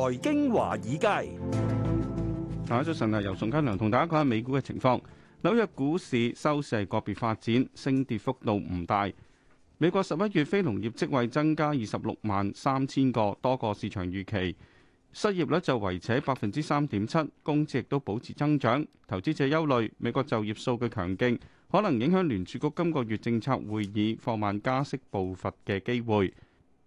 財經華爾街，大家早晨啊！由宋家良同大家講下美股嘅情況。紐約股市收市個別發展，升跌幅度唔大。美國十一月非農業職位增加二十六萬三千個，多過市場預期。失業率就維持喺百分之三點七，工資亦都保持增長。投資者憂慮美國就業數據強勁，可能影響聯儲局今個月政策會議放慢加息步伐嘅機會。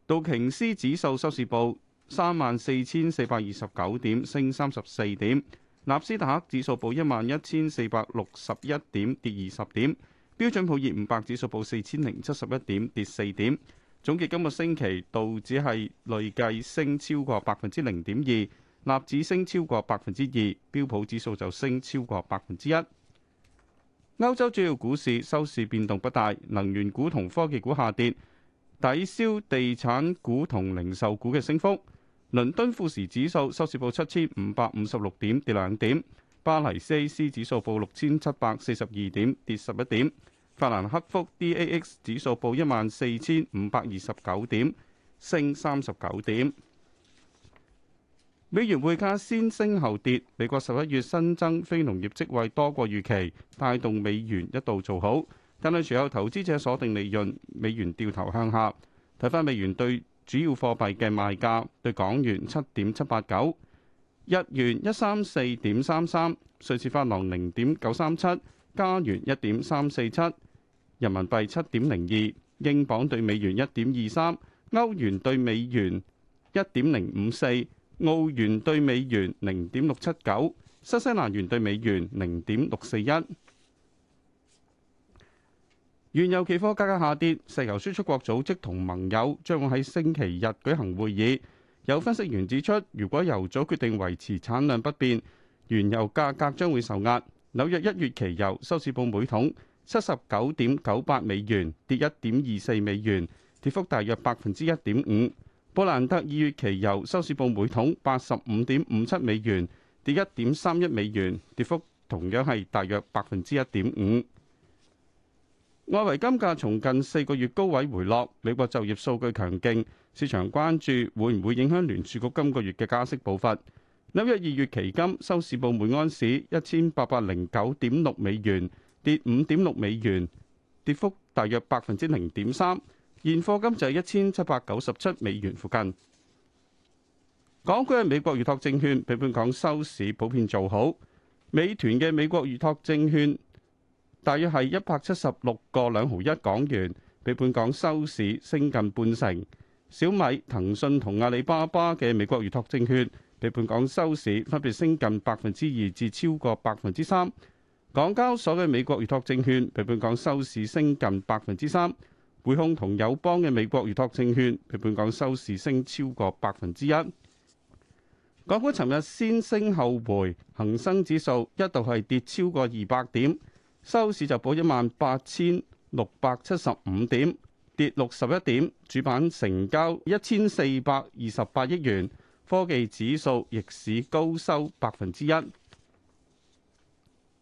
道瓊斯指數收市報，三萬四千四百二十九點，升三十四點。納斯達克指數報一萬一千四百六十一點，跌二十點。標準普爾五百指數報四千零七十一點，跌四點。總結今個星期道指係累計升超過百分之零點二，納指升超過百分之二，標普指數就升超過百分之一。歐洲主要股市收市變動不大，能源股同科技股下跌，抵消地產股同零售股嘅升幅。倫敦富時指數收市報七千五百五十六點，跌兩點；巴黎 CAC 指數報六千七百四十二點，跌十一點；法蘭克福 DAX 指數報一萬四千五百二十九點，升三十九點。美元匯價先升後跌，美國十一月新增非農業職位多過預期，帶動美元一度做好，但係隨後投資者鎖定利潤，美元掉頭向下。睇返美元對主要貨幣嘅賣價對港元七點七八九，日元一三四點三三，瑞士法郎零點九三七，加元一點三四七，人民幣七點零二，英鎊對美元一點二三，歐元對美元一點零五四，澳元對美元零點六七九，新西蘭元對美元零點六四一。原油期貨價格下跌，石油輸出國組織同盟友將會喺星期日舉行會議。有分析員指出，如果油組決定維持產量不變，原油價格將會受壓。紐約一月期油收市報每桶七十九點九八美元，跌一點二四美元，跌幅大約百分之一點五。布蘭特二月期油收市報每桶八十五點五七美元，跌一點三一美元，跌幅同樣係大約百分之一點五。外圍金價從近四個月高位回落，美國就業數據強勁，市場關注會唔會影響聯儲局今個月嘅加息步伐。紐約二月期金收市報每安士一千八百零九點六美元，跌五點六美元，跌幅大約百分之零點三。現貨金就係一千七百九十七美元附近。港區嘅美國預託證券，比本港收市普遍做好。美團嘅美國預託證券，大約係一百七十六個兩毫一港元，比本港收市升近半成。小米、騰訊同阿里巴巴嘅美國預託證券，比本港收市分別升近百分之二至超過百分之三。港交所嘅美國預託證券，比本港收市升近百分之三。匯控同友邦嘅美國預託證券，比本港收市升超過百分之一。港股尋日先升後回，恒生指數一度係跌超過二百點。收市就報一萬八千六百七十五點，跌六十一點，主板成交一千四百二十八億元，科技指數逆市高收百分之一。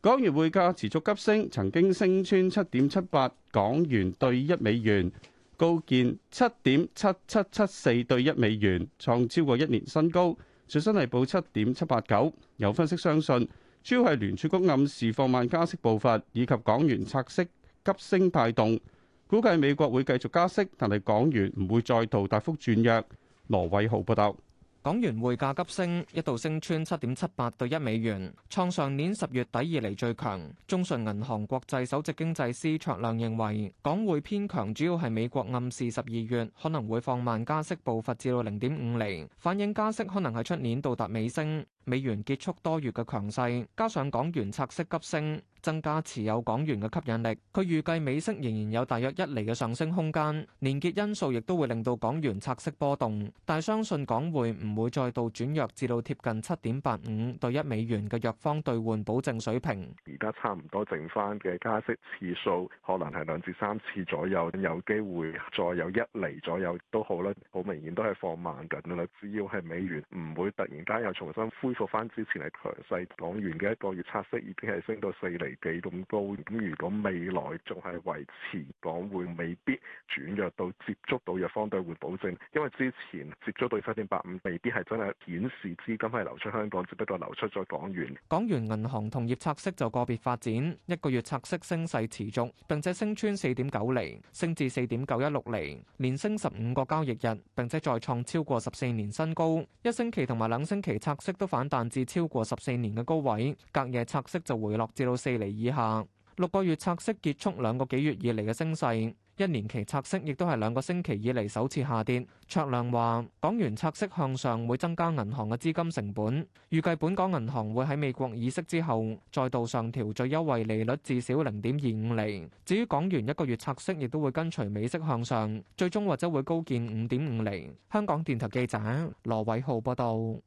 港元匯價持續急升，曾經升穿七點七八港元兌一美元，高見七點七七七四兌一美元，創超過一年新高，最新係報七點七八九。有分析相信，主要係聯儲局暗示放慢加息步伐，以及港元拆息急升帶動，估計美國會繼續加息，但係港元唔會再度大幅轉弱。羅偉豪報道。港元匯價急升，一度升穿七點七八對一美元，創上年十月底以嚟最強。中信銀行國際首席經濟師卓亮認為，港匯偏強主要係美國暗示十二月可能會放慢加息步伐至到零點五厘，反映加息可能係出年到達尾聲。美元結束多月嘅強勢，加上港元拆息急升。增加持有港元嘅吸引力。佢預計美息仍然有大約一厘嘅上升空間，連結因素亦都會令到港元拆息波動，但相信港匯唔會再度轉弱至至，至到貼近七點八五對一美元嘅弱方兌換保證水平。而家差唔多剩翻嘅加息次數可能係兩至三次左右，有機會再有一厘左右好很都好啦。好明顯都係放慢緊啦，只要係美元唔會突然間又重新恢復翻之前係強勢，港元嘅一個月拆息，已經係升到四厘。幾咁高咁？如果未來仲係維持，港匯未必轉弱到接觸到弱方兌換保證，因為之前接觸到七點八五，未必係真係顯示資金係流出香港，只不過流出咗港元。港元銀行同業拆息就個別發展，一個月拆息升勢持續，並且升穿四點九釐，升至四點九一六釐，連升十五個交易日，並且再創超過十四年新高。一星期同埋兩星期拆息都反彈至超過十四年嘅高位，隔夜拆息就回落至到四以下，六個月拆息結束兩個幾月以嚟嘅升勢，一年期拆息亦都係兩個星期以嚟首次下跌。卓亮話，港元拆息向上會增加銀行嘅資金成本，預計本港銀行會喺美國議息之後再度上調最優惠利率至少零點二五釐，至於港元一個月拆息亦都會跟隨美息向上，最終或者會高見五點五釐，香港電台記者羅偉浩報道。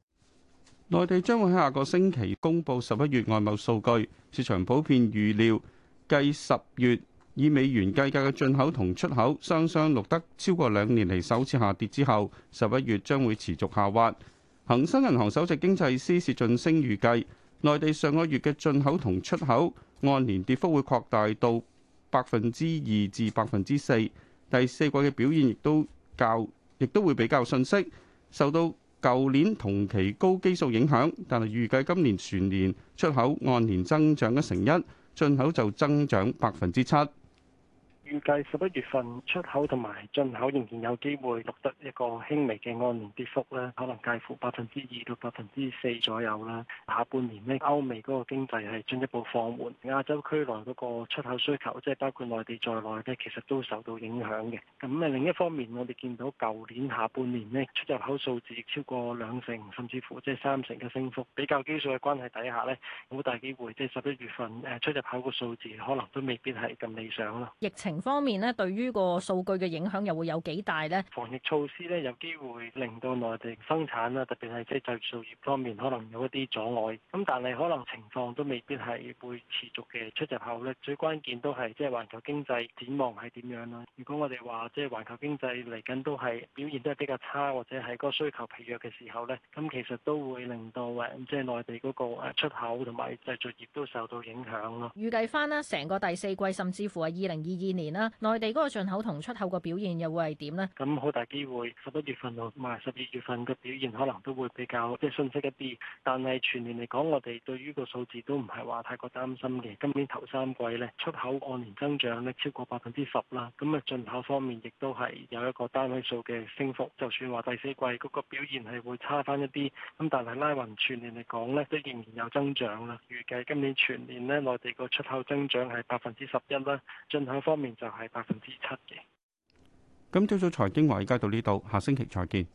內地將會喺下個星期公布十一月外貿數據，市場普遍預料，繼十月以美元計價嘅進口同出口雙雙錄得超過兩年嚟首次下跌之後，十一月將會持續下滑。恒生銀行首席經濟師薛俊升預計，內地上個月嘅進口同出口按年跌幅會擴大到百分之二至百分之四，第四季嘅表現亦都較，亦都會比較遜色，受到舊年同期高基數影響，但係預計今年全年出口按年增長一成一，進口就增長百分之七。預計十一月份出口同埋進口仍然有機會錄得一個輕微嘅按年跌幅咧，可能介乎百分之二到百分之四左右啦。下半年咧，歐美嗰個經濟係進一步放緩，亞洲區內嗰個出口需求，即係包括內地在內咧，其實都受到影響嘅。咁啊另一方面，我哋見到舊年下半年咧，出入口數字超過兩成，甚至乎即係三成嘅升幅，比較基數嘅關係底下咧，好大機會即係十一月份誒出入口個數字可能都未必係咁理想咯。疫情方面呢，對於個數據嘅影響又會有幾大呢？防疫措施呢，有機會令到內地生產啦，特別係即係製造業方面，可能有一啲阻礙。咁但係可能情況都未必係會持續嘅出入口呢。最關鍵都係即係環球經濟展望係點樣啦？如果我哋話即係環球經濟嚟緊都係表現都係比較差，或者係嗰個需求疲弱嘅時候呢，咁其實都會令到即係內地嗰個出口同埋製造業都受到影響咯。預計翻啦，成個第四季，甚至乎係二零二二年。啦，內地嗰個進口同出口個表現又會係點呢？咁好大機會十一月份同埋十二月份嘅表現可能都會比較即係遜色一啲，但係全年嚟講，我哋對於個數字都唔係話太過擔心嘅。今年頭三季咧，出口按年增長咧超過百分之十啦，咁啊進口方面亦都係有一個單位數嘅升幅。就算話第四季嗰個表現係會差返一啲，咁但係拉勻全年嚟講咧，都仍然有增長啦。預計今年全年咧，內地個出口增長係百分之十一啦，進口方面。就係百分之七嘅。今朝早財經華爾街到呢度，下星期再見。